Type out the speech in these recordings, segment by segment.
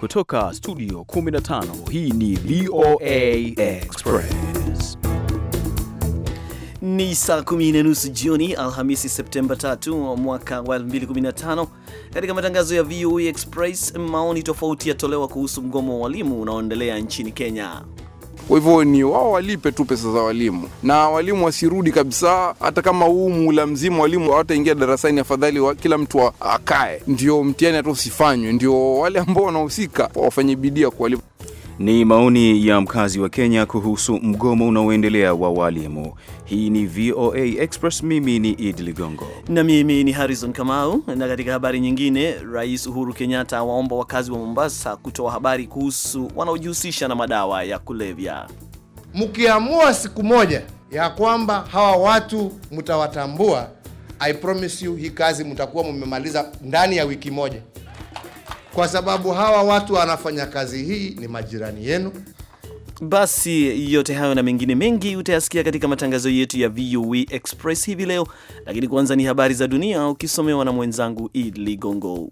Kutoka studio 15 hii ni VOA Express. Ni saa kumi na nusu jioni Alhamisi, Septemba 3 mwaka wa 2015. Katika matangazo ya VOA Express, maoni tofauti yatolewa kuhusu mgomo wa walimu unaoendelea nchini Kenya. Kwa hivyo ni wao walipe tu pesa za walimu, na walimu wasirudi kabisa. Hata kama huu mula mzima walimu hawataingia darasani, afadhali kila mtu akae, ndio mtiani hata usifanywe, ndio wale ambao wanahusika wafanye bidii ya kuwalipa. Ni maoni ya mkazi wa Kenya kuhusu mgomo unaoendelea wa walimu. Hii ni VOA Express. Mimi ni Idi Ligongo na mimi ni Harrison Kamau. Na katika habari nyingine, Rais Uhuru Kenyatta awaomba wakazi wa Mombasa kutoa habari kuhusu wanaojihusisha na madawa ya kulevya. Mkiamua siku moja ya kwamba hawa watu mtawatambua, I promise you, hii kazi mtakuwa mmemaliza ndani ya wiki moja kwa sababu hawa watu wanafanya kazi hii ni majirani yenu. Basi yote hayo na mengine mengi utayasikia katika matangazo yetu ya VOA e Express hivi leo, lakini kwanza ni habari za dunia ukisomewa na mwenzangu Id Ligongo.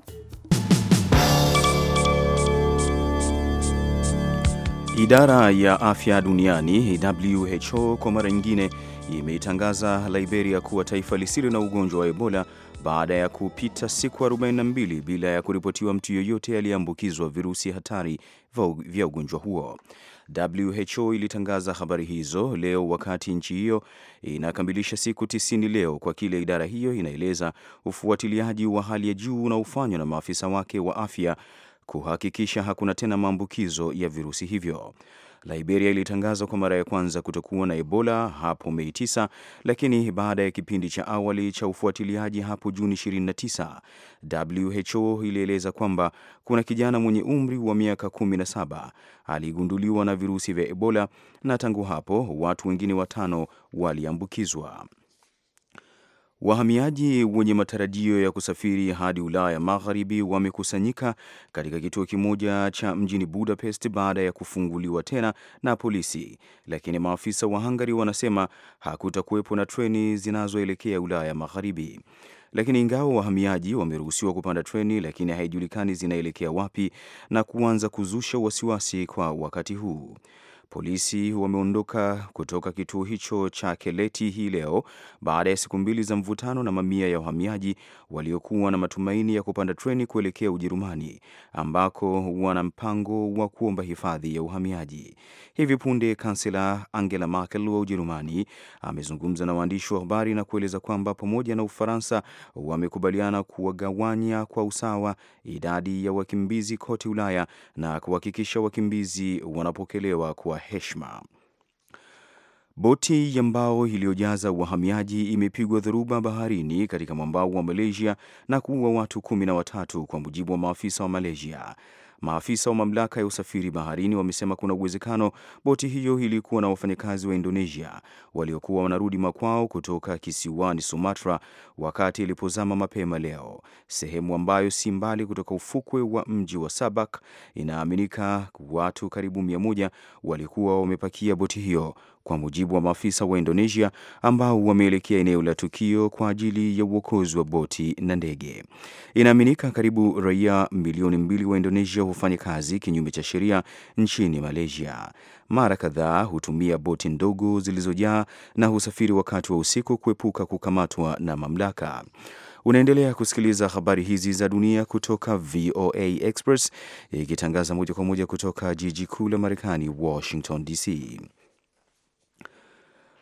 Idara ya afya duniani WHO kwa mara nyingine imeitangaza Liberia kuwa taifa lisilo na ugonjwa wa Ebola baada ya kupita siku 42 bila ya kuripotiwa mtu yeyote aliyeambukizwa virusi hatari vya ugonjwa huo. WHO ilitangaza habari hizo leo wakati nchi hiyo inakamilisha siku 90 leo kwa kile idara hiyo inaeleza ufuatiliaji wa hali ya juu unaofanywa na maafisa wake wa afya kuhakikisha hakuna tena maambukizo ya virusi hivyo. Liberia ilitangazwa kwa mara ya kwanza kutokuwa na Ebola hapo Mei 9, lakini baada ya kipindi cha awali cha ufuatiliaji hapo Juni 29, WHO ilieleza kwamba kuna kijana mwenye umri wa miaka 17 aligunduliwa na virusi vya Ebola na tangu hapo watu wengine watano waliambukizwa. Wahamiaji wenye matarajio ya kusafiri hadi Ulaya Magharibi wamekusanyika katika kituo kimoja cha mjini Budapest baada ya kufunguliwa tena na polisi, lakini maafisa wa Hungary wanasema hakutakuwepo na treni zinazoelekea Ulaya Magharibi. Lakini ingawa wahamiaji wameruhusiwa kupanda treni, lakini haijulikani zinaelekea wapi na kuanza kuzusha wasiwasi kwa wakati huu. Polisi wameondoka kutoka kituo hicho cha Keleti hii leo baada ya siku mbili za mvutano na mamia ya wahamiaji waliokuwa na matumaini ya kupanda treni kuelekea Ujerumani ambako wana mpango wa kuomba hifadhi ya uhamiaji. Hivi punde kansela Angela Merkel wa Ujerumani amezungumza na waandishi wa habari na kueleza kwamba pamoja na Ufaransa wamekubaliana kuwagawanya kwa usawa idadi ya wakimbizi kote Ulaya na kuhakikisha wakimbizi wanapokelewa kwa heshima. Boti ya mbao iliyojaza wahamiaji imepigwa dhoruba baharini katika mwambao wa Malaysia na kuua watu kumi na watatu kwa mujibu wa maafisa wa Malaysia. Maafisa wa mamlaka ya usafiri baharini wamesema kuna uwezekano boti hiyo ilikuwa na wafanyakazi wa Indonesia waliokuwa wanarudi makwao kutoka kisiwani Sumatra wakati ilipozama mapema leo. Sehemu ambayo si mbali kutoka ufukwe wa mji wa Sabak, inaaminika watu karibu mia moja walikuwa wamepakia boti hiyo kwa mujibu wa maafisa wa Indonesia ambao wameelekea eneo la tukio kwa ajili ya uokozi wa boti na ndege. Inaaminika karibu raia milioni mbili wa Indonesia hufanya kazi kinyume cha sheria nchini Malaysia. Mara kadhaa hutumia boti ndogo zilizojaa na husafiri wakati wa usiku kuepuka kukamatwa na mamlaka. Unaendelea kusikiliza habari hizi za dunia kutoka VOA Express ikitangaza moja kwa moja kutoka jiji kuu la Marekani, Washington DC.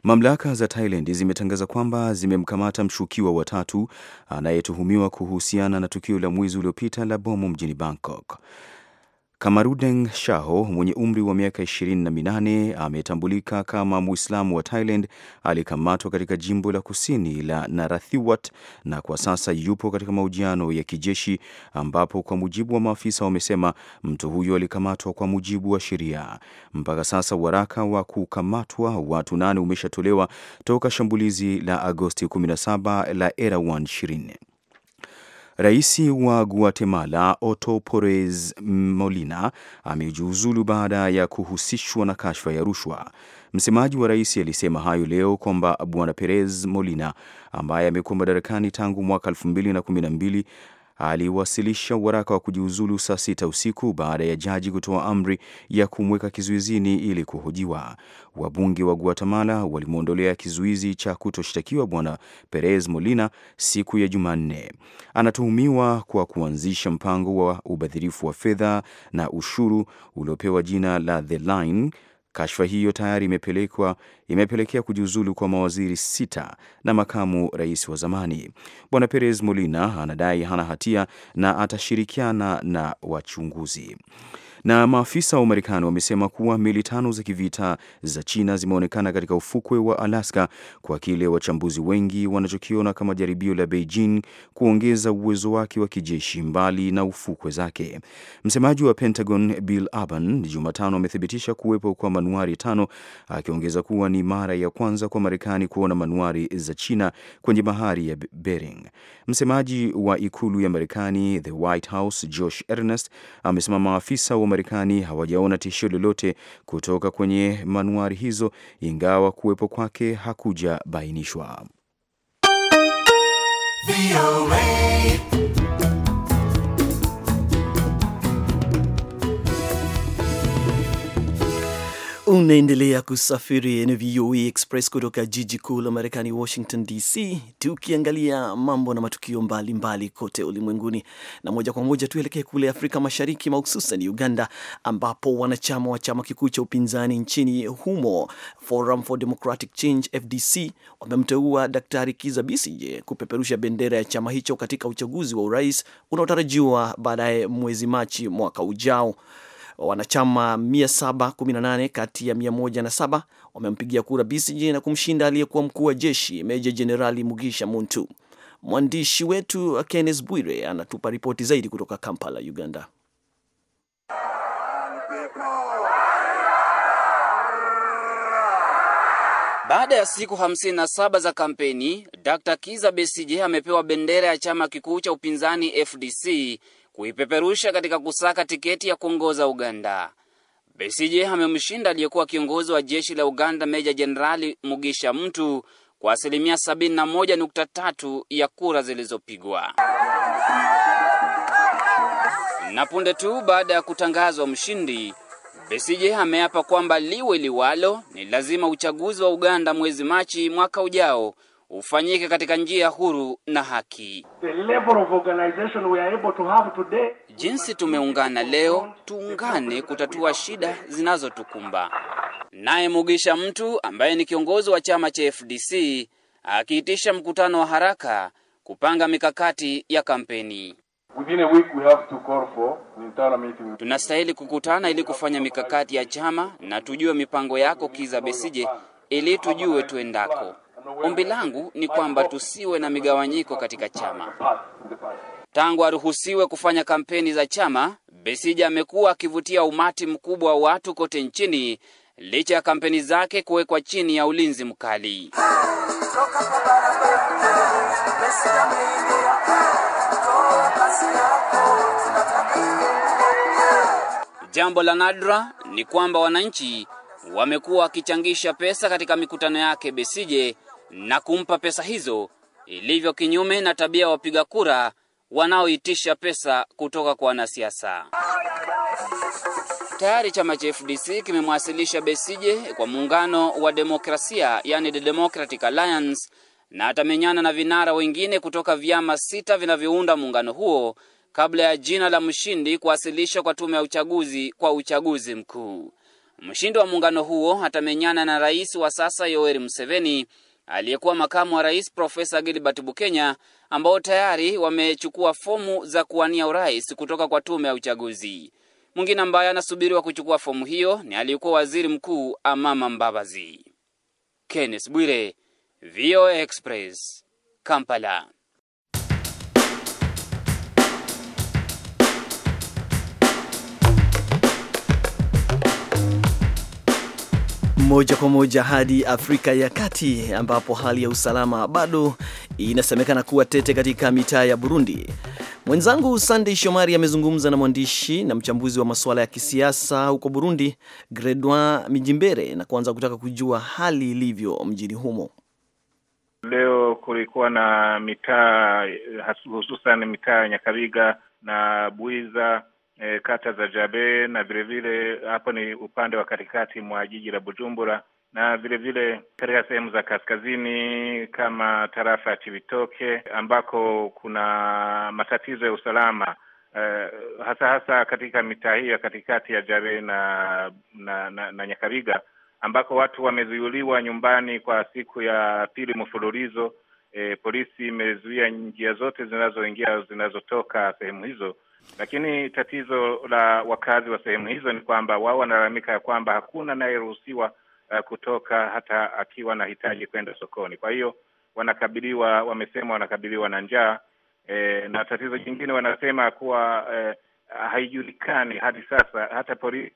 Mamlaka za Thailand zimetangaza kwamba zimemkamata mshukiwa wa tatu anayetuhumiwa kuhusiana na tukio la mwezi uliopita la bomu mjini Bangkok. Kamarudeng Shaho mwenye umri wa miaka 28 ametambulika kama Muislamu wa Thailand alikamatwa katika jimbo la kusini la Narathiwat na kwa sasa yupo katika mahojiano ya kijeshi, ambapo kwa mujibu wa maafisa wamesema mtu huyo alikamatwa kwa mujibu wa sheria. Mpaka sasa waraka wa kukamatwa watu nane umeshatolewa toka shambulizi la Agosti 17 la era 120. Rais wa Guatemala Otto Perez Molina amejiuzulu baada ya kuhusishwa na kashfa ya rushwa. Msemaji wa rais alisema hayo leo kwamba Bwana Perez Molina ambaye amekuwa madarakani tangu mwaka 2012 aliwasilisha waraka wa kujiuzulu saa sita usiku baada ya jaji kutoa amri ya kumweka kizuizini ili kuhojiwa. Wabunge wa Guatemala walimwondolea kizuizi cha kutoshtakiwa bwana Perez Molina siku ya Jumanne. Anatuhumiwa kwa kuanzisha mpango wa ubadhirifu wa fedha na ushuru uliopewa jina la The Line Kashfa hiyo tayari imepelekwa imepelekea kujiuzulu kwa mawaziri sita na makamu rais wa zamani. Bwana Perez Molina anadai hana hatia na atashirikiana na wachunguzi. Na maafisa wa Marekani wamesema kuwa meli tano za kivita za China zimeonekana katika ufukwe wa Alaska kwa kile wachambuzi wengi wanachokiona kama jaribio la Beijing kuongeza uwezo wake wa kijeshi mbali na ufukwe zake. Msemaji wa Pentagon Bill Urban Jumatano amethibitisha kuwepo kwa manuari tano, akiongeza kuwa ni mara ya kwanza kwa Marekani kuona manuari za China kwenye bahari ya Bering. Msemaji wa ikulu ya Marekani, the White House, Josh Ernest amesema maafisa wa Marekani hawajaona tishio lolote kutoka kwenye manuari hizo, ingawa kuwepo kwake hakujabainishwa. Unaendelea kusafiri na VOA Express kutoka jiji kuu la Marekani, Washington DC, tukiangalia mambo na matukio mbalimbali mbali kote ulimwenguni. Na moja kwa moja tuelekee kule Afrika Mashariki, mahususan Uganda, ambapo wanachama wa chama kikuu cha upinzani nchini humo Forum for Democratic Change, FDC, wamemteua Daktari Kiza Bisije kupeperusha bendera ya chama hicho katika uchaguzi wa urais unaotarajiwa baadaye mwezi Machi mwaka ujao. Wanachama 718 kati ya 107 wamempigia kura BCG na kumshinda aliyekuwa mkuu wa jeshi Meja Jenerali Mugisha Muntu. Mwandishi wetu Kenneth Bwire anatupa ripoti zaidi kutoka Kampala, Uganda. Baada ya siku 57 za kampeni, Dr. Kiza Besigye amepewa bendera ya chama kikuu cha upinzani FDC kuipeperusha katika kusaka tiketi ya kuongoza Uganda. besije amemshinda aliyekuwa kiongozi wa jeshi la Uganda Meja Jenerali Mugisha mtu kwa asilimia 71.3 ya kura zilizopigwa. Na punde tu baada ya kutangazwa mshindi, besije ameapa kwamba liwe liwalo, ni lazima uchaguzi wa Uganda mwezi Machi mwaka ujao ufanyike katika njia huru na haki. jinsi tumeungana leo, tuungane kutatua shida zinazotukumba. Naye Mugisha Mtu ambaye ni kiongozi wa chama cha FDC akiitisha mkutano wa haraka kupanga mikakati ya kampeni. Tunastahili kukutana ili kufanya mikakati ya chama na tujue mipango yako Kiza Besije ili tujue tuendako. Ombi langu ni kwamba tusiwe na migawanyiko katika chama. Tangu aruhusiwe kufanya kampeni za chama, Besija amekuwa akivutia umati mkubwa wa watu kote nchini licha ya kampeni zake kuwekwa chini ya ulinzi mkali. Jambo la nadra ni kwamba wananchi wamekuwa wakichangisha pesa katika mikutano yake Besije na kumpa pesa hizo, ilivyo kinyume na tabia ya wapiga kura wanaoitisha pesa kutoka kwa wanasiasa. Tayari chama cha FDC kimemwasilisha Besije kwa muungano wa demokrasia, yani the Democratic Alliance, na atamenyana na vinara wengine kutoka vyama sita vinavyounda muungano huo kabla ya jina la mshindi kuwasilishwa kwa tume ya uchaguzi kwa uchaguzi mkuu. Mshindi wa muungano huo atamenyana na rais wa sasa Yoweri Museveni aliyekuwa makamu wa rais Profesa Gilbert Bukenya, ambao tayari wamechukua fomu za kuwania urais kutoka kwa tume ya uchaguzi. Mwingine ambaye anasubiriwa kuchukua fomu hiyo ni aliyekuwa waziri mkuu Amama Mbabazi. Kenneth Bwire, VOA Express, Kampala. Moja kwa moja hadi Afrika ya Kati ambapo hali ya usalama bado inasemekana kuwa tete katika mitaa ya Burundi. Mwenzangu sandey Shomari amezungumza na mwandishi na mchambuzi wa masuala ya kisiasa huko Burundi, Gredouin Mijimbere, na kuanza kutaka kujua hali ilivyo mjini humo. Leo kulikuwa na mitaa hususan mitaa ya Nyakabiga na buiza e, kata za Jabe na vilevile hapo ni upande wa katikati mwa jiji la Bujumbura na vilevile katika sehemu za kaskazini kama tarafa ya chivitoke ambako kuna matatizo ya usalama e, hasa hasa katika mitaa hiyo ya katikati ya Jabe na na, na, na Nyakabiga ambako watu wamezuiliwa nyumbani kwa siku ya pili mfululizo. E, polisi imezuia njia zote zinazoingia zinazotoka sehemu hizo lakini tatizo la wakazi wa sehemu hizo ni kwamba wao wanalalamika ya kwamba hakuna anayeruhusiwa uh, kutoka hata akiwa na hitaji kwenda sokoni. Kwa hiyo wanakabiliwa, wamesema wanakabiliwa na njaa e, na tatizo jingine wanasema kuwa eh, haijulikani hadi sasa hata polisi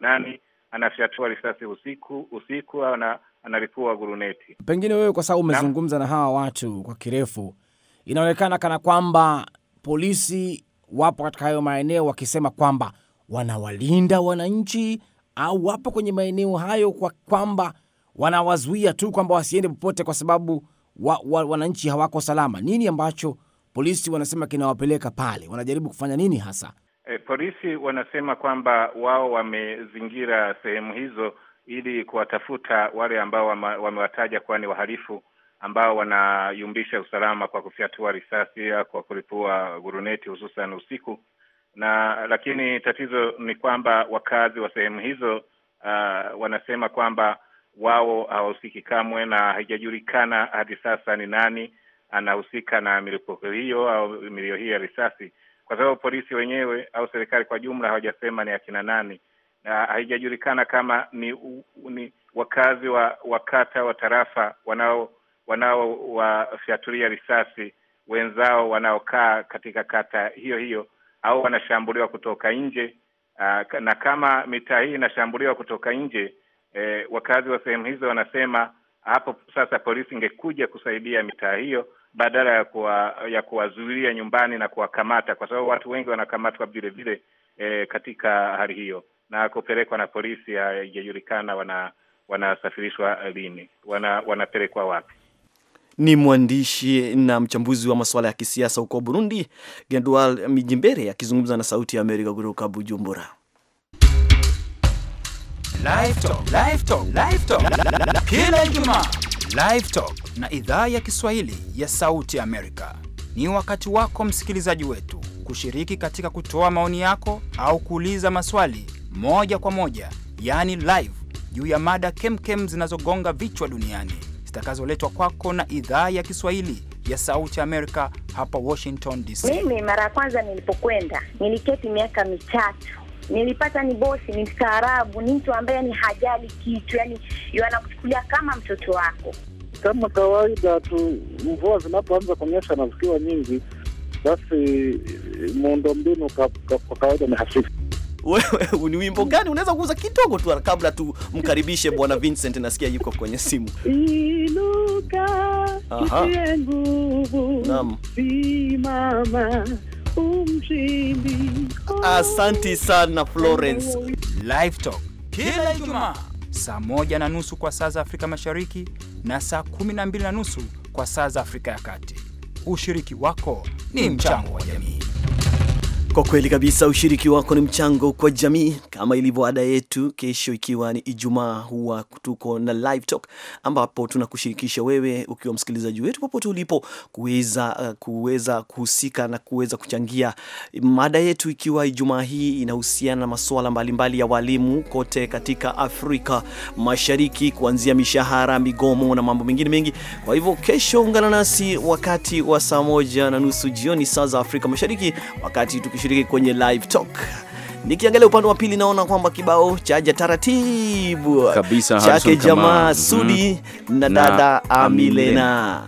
nani anafyatua risasi usiku usiku ana, analipua guruneti. Pengine wewe kwa sababu umezungumza na, na hawa watu kwa kirefu, inaonekana kana kwamba polisi wapo katika hayo maeneo wakisema kwamba wanawalinda wananchi au wapo kwenye maeneo hayo kwa kwamba wanawazuia tu kwamba wasiende popote kwa sababu wa, wa, wananchi hawako salama? Nini ambacho polisi wanasema kinawapeleka pale? Wanajaribu kufanya nini hasa? E, polisi wanasema kwamba wao wamezingira sehemu hizo ili kuwatafuta wale ambao wamewataja kuwa ni wahalifu ambao wanayumbisha usalama kwa kufyatua risasi, kwa kulipua guruneti, hususan usiku na lakini tatizo ni kwamba wakazi wa sehemu hizo uh, wanasema kwamba wao hawahusiki kamwe, na haijajulikana hadi sasa ni nani anahusika na milipuko hiyo au milio hii ya risasi, kwa sababu polisi wenyewe au serikali kwa jumla hawajasema ni akina nani, na haijajulikana kama ni, ni wakazi wa wakata wa tarafa wanao wanaowafyatulia risasi wenzao wanaokaa katika kata hiyo hiyo au wanashambuliwa kutoka nje. Uh, na kama mitaa hii inashambuliwa kutoka nje eh, wakazi wa sehemu hizo wanasema hapo sasa polisi ingekuja kusaidia mitaa hiyo badala ya kuwa, ya kuwazuilia nyumbani na kuwakamata, kwa sababu watu wengi wanakamatwa vile vile eh, katika hali hiyo na kupelekwa na polisi, ah, haijajulikana wana wanasafirishwa lini, wana, wanapelekwa wapi ni mwandishi na mchambuzi wa masuala ya kisiasa huko Burundi, Gendual Mijimbere akizungumza na Sauti ya Amerika kutoka Bujumbura. Kila Ijumaa Live Talk na idhaa ya Kiswahili ya Sauti ya Amerika ni wakati wako msikilizaji wetu kushiriki katika kutoa maoni yako au kuuliza maswali moja kwa moja, yaani live, juu ya mada kemkem zinazogonga vichwa duniani zitakazoletwa kwako na idhaa ya Kiswahili ya Sauti Amerika hapa Washington DC. Mimi mara ya kwanza nilipokwenda niliketi miaka mitatu nilipata ni bosi, ni mstaarabu, ni mtu ambaye ni hajali kitu, yani anakuchukulia kama mtoto wako. Kama kawaida tu, mvua zinapoanza kunyesha na zikiwa nyingi, basi eh, muundombinu kwa kawaida ni hafifu wewe ni wimbo gani unaweza kuuza kidogo tu kabla tumkaribishe bwana Vincent, nasikia yuko kwenye simu. Inuka umshindi. Asanti sana Florence. Live Talk kila Ijumaa saa moja na nusu kwa saa za Afrika Mashariki na saa kumi na mbili na nusu kwa saa za Afrika ya Kati. Ushiriki wako ni mchango wa jamii. Kwa kweli kabisa, ushiriki wako ni mchango kwa jamii. Kama ilivyo ada yetu, kesho ikiwa ni Ijumaa, huwa tuko na live talk, ambapo tunakushirikisha wewe ukiwa msikilizaji wetu popote ulipo kuweza uh, kuweza kuhusika na kuweza kuchangia mada yetu, ikiwa Ijumaa hii inahusiana na masuala mbalimbali ya walimu kote katika Afrika Mashariki, kuanzia mishahara, migomo na mambo mengine mengi. Kwa hivyo, kesho ungana nasi wakati wa saa moja na nusu jioni saa za Afrika Mashariki wakati tuki kushiriki kwenye live talk. Nikiangalia upande wa pili naona kwamba kibao chaja taratibu kabisa chake jamaa mhm. Sudi mm, na dada eh, na Amilena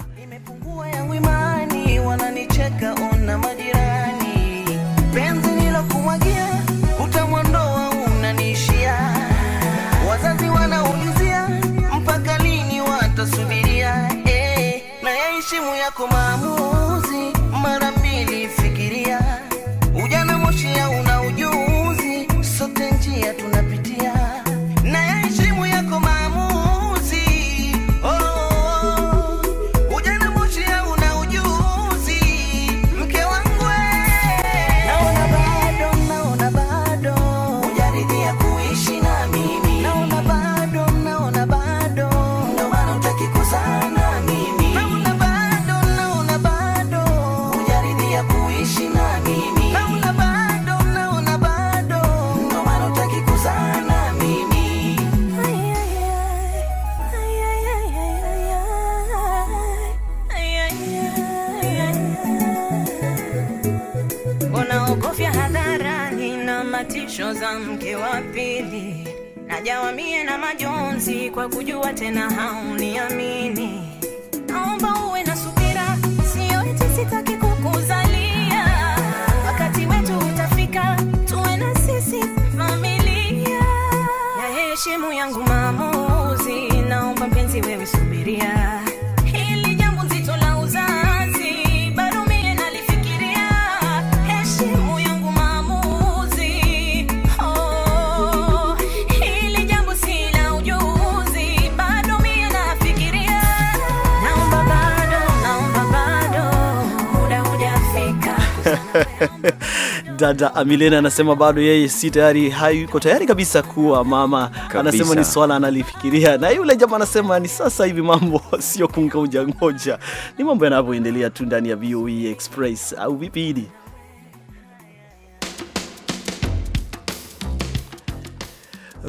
Dada Amilena anasema bado yeye si tayari, hayuko tayari kabisa kuwa mama kabisa. Anasema ni swala analifikiria, na yule jamaa anasema ni sasa hivi mambo sio kungoja ngoja, ni mambo yanavyoendelea tu ndani ya voe Express, au vipi hili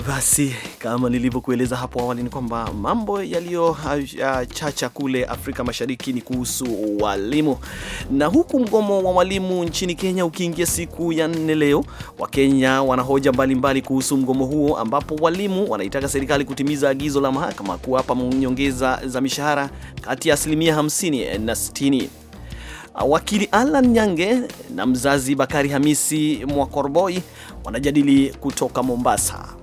Basi kama nilivyokueleza hapo awali ni kwamba mambo uh, chacha kule Afrika Mashariki ni kuhusu walimu. Na huku mgomo wa walimu nchini Kenya ukiingia siku ya nne leo, Wakenya kenya wanahoja mbalimbali kuhusu mgomo huo, ambapo walimu wanaitaka serikali kutimiza agizo la mahakama kuwapa nyongeza za mishahara kati ya asilimia 50 na 60. Wakili Alan Nyange na mzazi Bakari Hamisi Mwakorboi wanajadili kutoka Mombasa.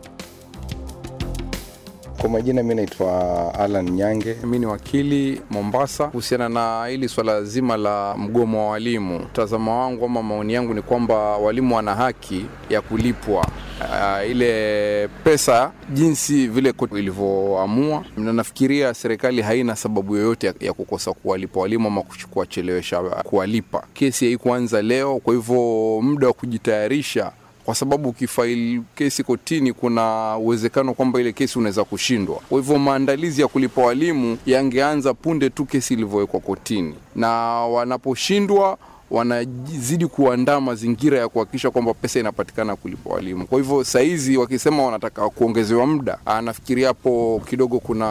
Kwa majina mi naitwa Alan Nyange, mi ni wakili Mombasa. Kuhusiana na hili swala zima la mgomo wa walimu, mtazamo wangu ama maoni yangu ni kwamba walimu wana haki ya kulipwa Uh, ile pesa jinsi vile ilivyoamua, na nafikiria serikali haina sababu yoyote ya, ya kukosa kuwalipa walimu ama kuwachelewesha kuwalipa. Kesi haikuanza leo, kwa hivyo muda wa kujitayarisha kwa sababu ukifaili kesi kotini, kuna uwezekano kwamba ile kesi unaweza kushindwa. Kwa hivyo maandalizi ya kulipa walimu yangeanza punde tu kesi ilivyowekwa kotini, na wanaposhindwa wanazidi kuandaa mazingira ya kuhakikisha kwamba pesa inapatikana kulipa walimu. Kwa hivyo sahizi wakisema wanataka kuongezewa muda, ah, nafikiria hapo kidogo kuna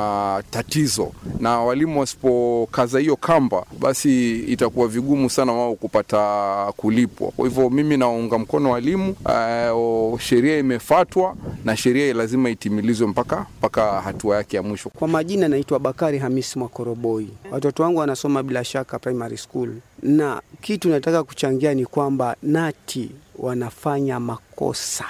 tatizo, na walimu wasipokaza hiyo kamba, basi itakuwa vigumu sana wao kupata kulipwa. Kwa hivyo mimi naunga mkono walimu, ah, sheria imefatwa na sheria lazima itimilizwe mpaka mpaka hatua yake ya mwisho. Kwa majina naitwa Bakari Hamis Mwakoroboi. Watoto wangu wanasoma bila shaka primary school na kitu nataka kuchangia ni kwamba nati wanafanya makosa,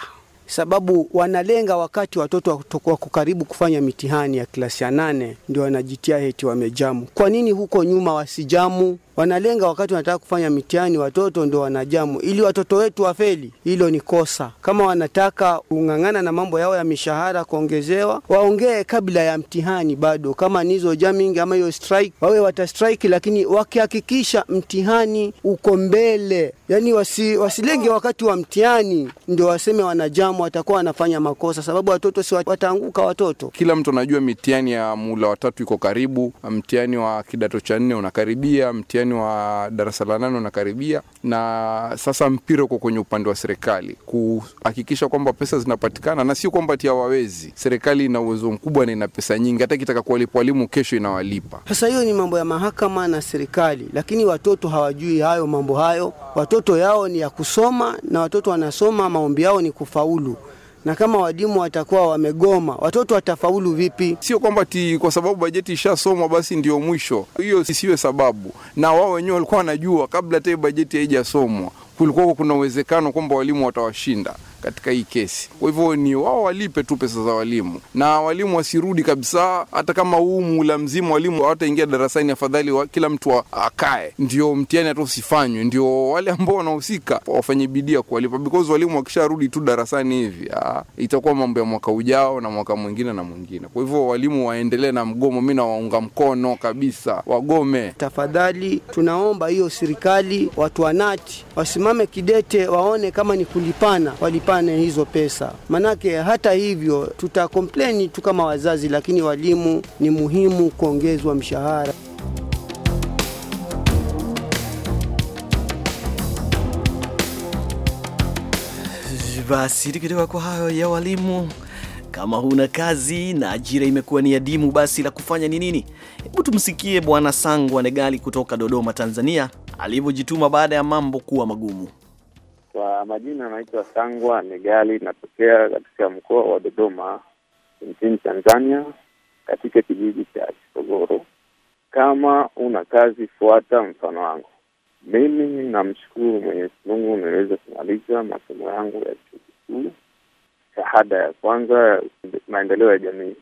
sababu wanalenga wakati watoto wako karibu kufanya mitihani ya klasi ya nane, ndio wanajitia heti wamejamu. Kwa nini huko nyuma wasijamu? wanalenga wakati wanataka kufanya mitihani, watoto ndio wanajamu ili watoto wetu wafeli. Hilo ni kosa. Kama wanataka kung'ang'ana na mambo yao ya mishahara kuongezewa, waongee kabla ya mtihani bado, kama nizo jamming ama hiyo strike, wawe wata strike, lakini wakihakikisha mtihani uko mbele, yani wasi, wasilenge wakati wa mtihani ndio waseme wanajamu, watakuwa wanafanya makosa, sababu watoto si wataanguka. Watoto kila mtu anajua mitihani ya mula watatu iko karibu, mtihani wa kidato cha nne unakaribia, mtihani mtihani wa darasa la nane unakaribia, na sasa mpira uko kwenye upande wa serikali kuhakikisha kwamba pesa zinapatikana, na sio kwamba ti hawawezi. Serikali ina uwezo mkubwa na ina pesa nyingi, hata ikitaka kuwalipa walimu kesho inawalipa. Sasa hiyo ni mambo ya mahakama na serikali, lakini watoto hawajui hayo mambo hayo. Watoto yao ni ya kusoma, na watoto wanasoma, maombi yao ni kufaulu na kama walimu watakuwa wamegoma, watoto watafaulu vipi? Sio kwamba ti kwa sababu bajeti ishasomwa basi ndio mwisho, hiyo sisiwe sababu, na wao wenyewe walikuwa wanajua kabla hata bajeti haijasomwa kulikuwa kuna uwezekano kwamba walimu watawashinda katika hii kesi. Kwa hivyo ni wao walipe tu pesa za walimu, na walimu wasirudi kabisa. Hata kama huu muhula mzima walimu hawataingia darasani, afadhali wa, kila mtu akae, ndio mtihani hata usifanywe, ndio wale ambao wanahusika wafanye bidii ya kuwalipa, because walimu wakisharudi tu darasani hivi itakuwa mambo ya mwaka ujao na mwaka mwingine na mwingine. Kwa hivyo walimu waendelee na mgomo, mi nawaunga mkono kabisa, wagome tafadhali. Tunaomba hiyo serikali, watu wanati wasimame kidete, waone kama ni kulipana walipa tupane hizo pesa, manake hata hivyo tuta kompleni tu kama wazazi, lakini walimu ni muhimu kuongezwa mshahara. Basi tukitoka kwa hayo ya walimu, kama huna kazi na ajira imekuwa ni adimu, basi la kufanya ni nini? Hebu tumsikie Bwana Sangwa Negali kutoka Dodoma, Tanzania, alivyojituma baada ya mambo kuwa magumu. Kwa majina anaitwa Sangwa Negali, natokea katika mkoa wa Dodoma nchini Tanzania, katika kijiji cha Kisogoro. Kama una kazi, fuata mfano wangu. Mimi namshukuru Mwenyezi Mungu, nimeweza kumaliza masomo yangu ya chuo kikuu shahada ya kwanza ya maendeleo ya jamii,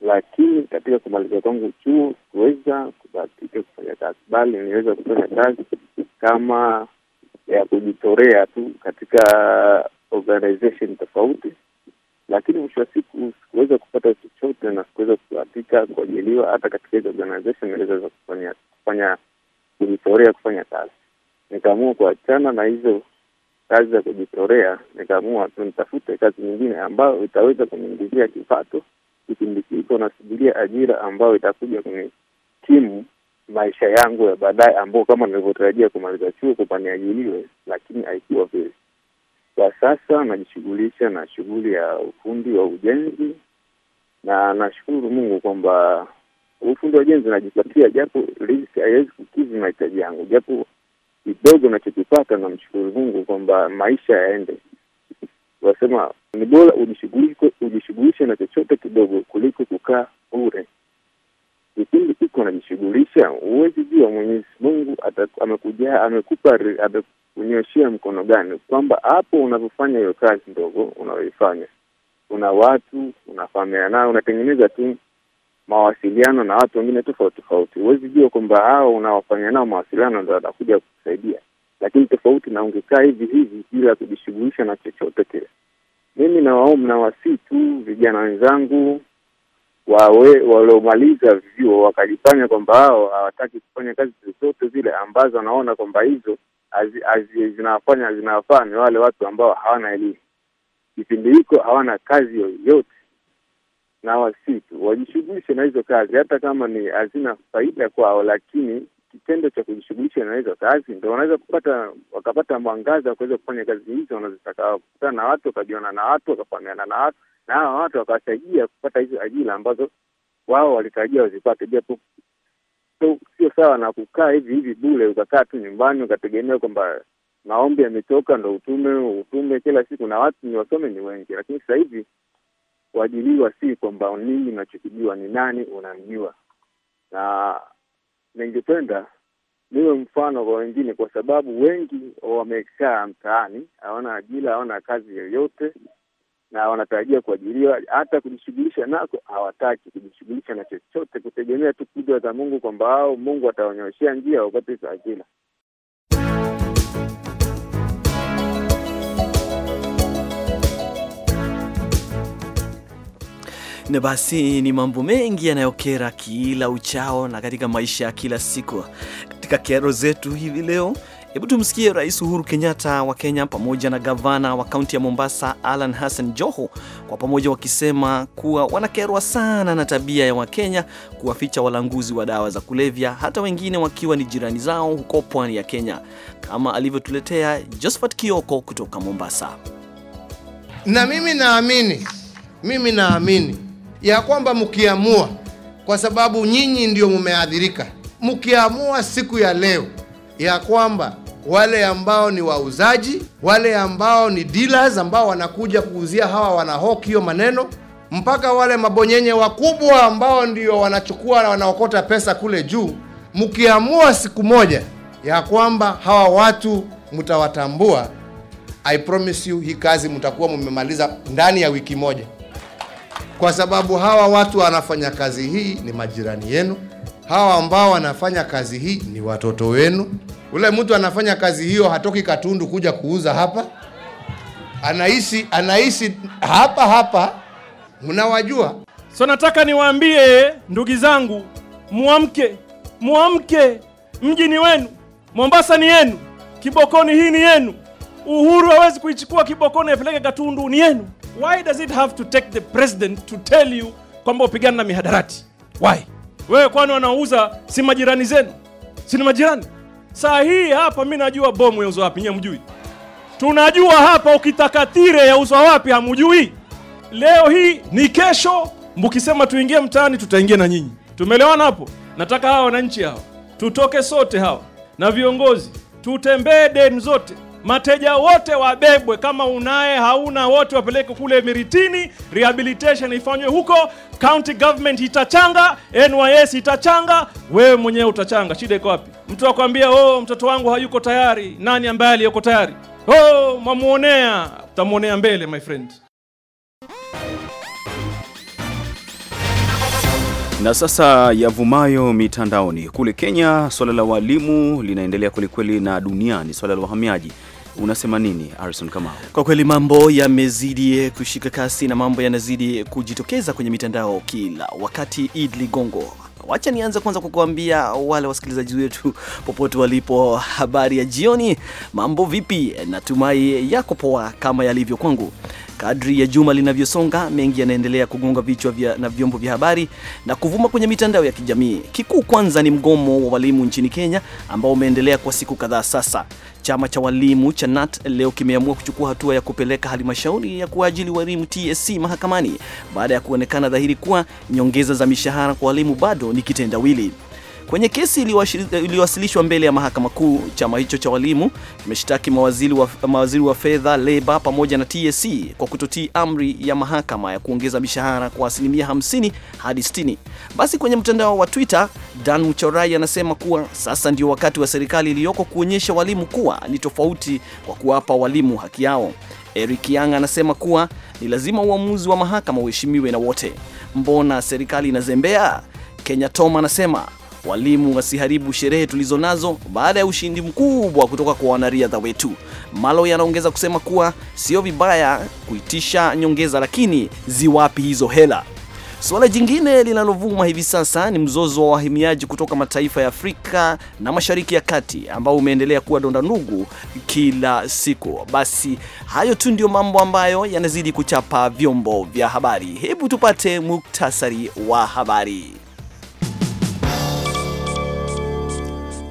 lakini katika kumaliza kwangu chuo sikuweza kubatika kufanya kazi, bali niweza kufanya kazi kama ya kujitorea tu katika organization tofauti, lakini mwisho wa siku sikuweza kupata chochote na sikuweza kuandika kuajiliwa hata katika hizo organization niliweza kufanya kufanya kujitorea kufanya kazi. Nikaamua kuachana na hizo kazi za kujitorea, nikaamua tu nitafute kazi nyingine ambayo itaweza kuniingizia kipato kipindi kiko nasubiria ajira ambayo itakuja kwenye timu maisha yangu ya baadaye, ambao kama nilivyotarajia kumaliza chuo kwamba niajiliwe, lakini haikuwa vile. Kwa sasa najishughulisha na shughuli ya ufundi wa ujenzi, na nashukuru Mungu kwamba ufundi wa ujenzi najipatia, japo riziki haiwezi kukidhi mahitaji yangu, japo kidogo nachokipata, namshukuru Mungu kwamba maisha yaende. Wasema ni bora ujishughulishe na chochote kidogo kuliko kukaa bure kipindi iko najishughulisha, huwezi jua Mwenyezi Mungu amekuja amekupa amekunyoshia mkono gani, kwamba hapo unavyofanya hiyo kazi ndogo unayoifanya, kuna watu unafahamiana nao, unatengeneza tu mawasiliano na watu wengine tofauti tofauti. Huwezi jua kwamba hao unaofanya nao mawasiliano ndo anakuja kukusaidia, lakini tofauti na ungekaa hivi hivi bila kujishughulisha na chochote kile. Mimi nawaomba, nawasii tu vijana wenzangu wawe waliomaliza vyuo wakajifanya kwamba hao hawataki kufanya kazi zozote zile ambazo wanaona kwamba hizo zinawafanya zinawafaa ni wale watu ambao hawana elimu. Kipindi hiko hawana kazi yoyote, na wasitu wajishughulishe na hizo kazi, hata kama ni hazina faida kwao, lakini kitendo cha kujishughulisha na hizo kazi, ndo wanaweza kupata wakapata mwangaza wa kuweza kufanya kazi hizo wanazotaka, wakakutana na watu, wakajuana na watu, wakafahamiana na watu, na hawa watu wakawasaidia kupata hizo ajira ambazo wao walitarajia wazipate, japo so, sio sawa na kukaa hivi hivi bule, ukakaa tu nyumbani ukategemea kwamba maombi yametoka ndo utume utume kila siku, na watu ni wasome ni wengi, lakini sasa hivi kuajiliwa si kwamba nini unachokijua, ni nani unamjua na ningependa niwe mfano kwa wengine, kwa sababu wengi wamekaa mtaani, hawana ajira, hawana kazi yoyote, na wanatarajia kuajiriwa. Hata kujishughulisha nako hawataki kujishughulisha na chochote, kutegemea tu kudwa za Mungu kwamba hao Mungu atawanyoshea njia wapate ajira. Na basi ni mambo mengi yanayokera kila uchao na katika maisha ya kila siku. Katika kero zetu hivi leo, hebu tumsikie Rais Uhuru Kenyatta wa Kenya pamoja na gavana wa kaunti ya Mombasa Alan Hassan Joho, kwa pamoja wakisema kuwa wanakerwa sana na tabia ya Wakenya kuwaficha walanguzi wa dawa za kulevya, hata wengine wakiwa ni jirani zao huko pwani ya Kenya, kama alivyotuletea Josephat Kioko kutoka Mombasa. Na mimi naamini, mimi naamini ya kwamba mkiamua, kwa sababu nyinyi ndio mmeadhirika, mkiamua siku ya leo ya kwamba wale ambao ni wauzaji, wale ambao ni dealers ambao wanakuja kuuzia hawa wanahoki hiyo maneno, mpaka wale mabonyenye wakubwa ambao ndio wanachukua na wanaokota pesa kule juu, mkiamua siku moja ya kwamba hawa watu mtawatambua, I promise you, hii kazi mtakuwa mmemaliza ndani ya wiki moja kwa sababu hawa watu wanafanya kazi hii ni majirani yenu. Hawa ambao wanafanya kazi hii ni watoto wenu. Ule mtu anafanya kazi hiyo hatoki Katundu kuja kuuza hapa, anaishi anaishi hapa hapa, mnawajua. So nataka niwaambie ndugu zangu, muamke, muamke. Mji ni wenu, Mombasa ni yenu, Kibokoni hii ni yenu. Uhuru hawezi kuichukua Kibokoni apeleke Katundu, ni yenu why does it have to take the president to tell you kwamba upigana na mihadarati why wewe kwani wanauza si majirani zenu si ni majirani saa hii hapa mi najua bomu yauzwa wapi nyewe mjui tunajua hapa ukitakatire yauzwa wapi hamujui leo hii ni kesho mkisema tuingie mtaani tutaingia na nyinyi tumeelewana hapo nataka hawa wananchi hawa tutoke sote hawa na viongozi tutembee deni zote Mateja wote wabebwe, kama unaye hauna, wote wapeleke kule Miritini, rehabilitation ifanywe huko. County government itachanga, NYS itachanga, wewe mwenyewe utachanga. Shida iko wapi? Mtu akwambia oh, mtoto wangu hayuko tayari. Nani ambaye aliyoko tayari? Oh, mwamuonea, utamwonea mbele, my friend. Na sasa yavumayo mitandaoni. Kule Kenya, swala la walimu linaendelea kwelikweli, na duniani swala la wahamiaji. Unasema nini Harrison Kamau? Kwa kweli mambo yamezidi kushika kasi na mambo yanazidi kujitokeza kwenye mitandao kila wakati. Id Ligongo, wacha nianze kwanza kukuambia wale wasikilizaji wetu popote walipo, habari ya jioni, mambo vipi? Natumai yako poa kama yalivyo kwangu. Kadri ya juma linavyosonga, mengi yanaendelea kugonga vichwa vya, na vyombo vya habari na kuvuma kwenye mitandao ya kijamii. Kikuu kwanza ni mgomo wa walimu nchini Kenya ambao umeendelea kwa siku kadhaa sasa. Chama cha walimu cha nat leo kimeamua kuchukua hatua ya kupeleka halmashauri ya kuajili walimu TSC mahakamani baada ya kuonekana dhahiri kuwa nyongeza za mishahara kwa walimu bado ni kitendawili. Kwenye kesi iliyowasilishwa mbele ya mahakama kuu, chama hicho cha walimu kimeshtaki mawaziri wa, mawaziri wa fedha, leba pamoja na TSC e kwa kutotii amri ya mahakama ya kuongeza mishahara kwa asilimia 50 hadi 60. Basi kwenye mtandao wa Twitter, Dan Muchorai anasema kuwa sasa ndio wakati wa serikali iliyoko kuonyesha walimu kuwa ni tofauti kwa kuwapa walimu haki yao. Eric Yang anasema kuwa ni lazima uamuzi wa mahakama uheshimiwe na wote. Mbona serikali inazembea? Kenya Tom anasema walimu wasiharibu sherehe tulizo nazo baada ya ushindi mkubwa kutoka kwa wanariadha wetu. malo anaongeza kusema kuwa sio vibaya kuitisha nyongeza, lakini ziwapi hizo hela? Suala jingine linalovuma hivi sasa ni mzozo wa wahamiaji kutoka mataifa ya Afrika na Mashariki ya Kati ambao umeendelea kuwa donda ndugu kila siku. Basi hayo tu ndio mambo ambayo yanazidi kuchapa vyombo vya habari. Hebu tupate muktasari wa habari.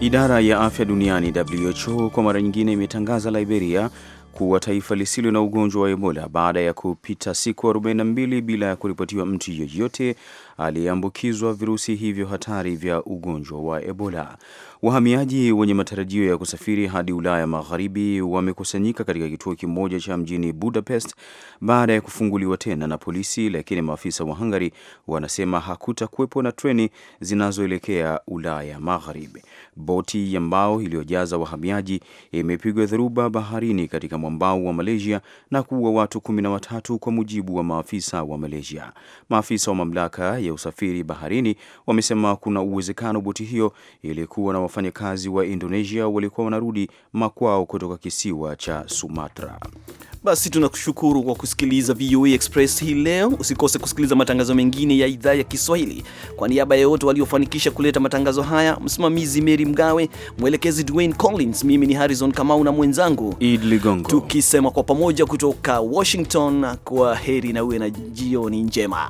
Idara ya afya duniani WHO kwa mara nyingine imetangaza Liberia kuwa taifa lisilo na ugonjwa wa Ebola baada ya kupita siku 42 bila ya kuripotiwa mtu yeyote aliyeambukizwa virusi hivyo hatari vya ugonjwa wa Ebola. Wahamiaji wenye matarajio ya kusafiri hadi Ulaya Magharibi wamekusanyika katika kituo kimoja cha mjini Budapest baada ya kufunguliwa tena na polisi, lakini maafisa wa Hungary wanasema hakutakuwepo na treni zinazoelekea Ulaya Magharibi. Boti ya mbao iliyojaza wahamiaji imepigwa dhoruba baharini katika mwambao wa Malaysia na kuua watu kumi na watatu kwa mujibu wa maafisa wa Malaysia. Maafisa wa mamlaka ya usafiri baharini wamesema kuna uwezekano boti hiyo ilikuwa na wafanyakazi wa Indonesia walikuwa wanarudi makwao kutoka kisiwa cha Sumatra. Basi tunakushukuru kwa kusikiliza VOA e Express hii leo. Usikose kusikiliza matangazo mengine ya idhaa ya Kiswahili. Kwa niaba ya wote waliofanikisha kuleta matangazo haya, msimamizi Mary Mgawe, mwelekezi Dwayne Collins, mimi ni Harrison Kamau na mwenzangu Id Ligongo, tukisema kwa pamoja kutoka Washington, kwa heri na uwe na jioni njema.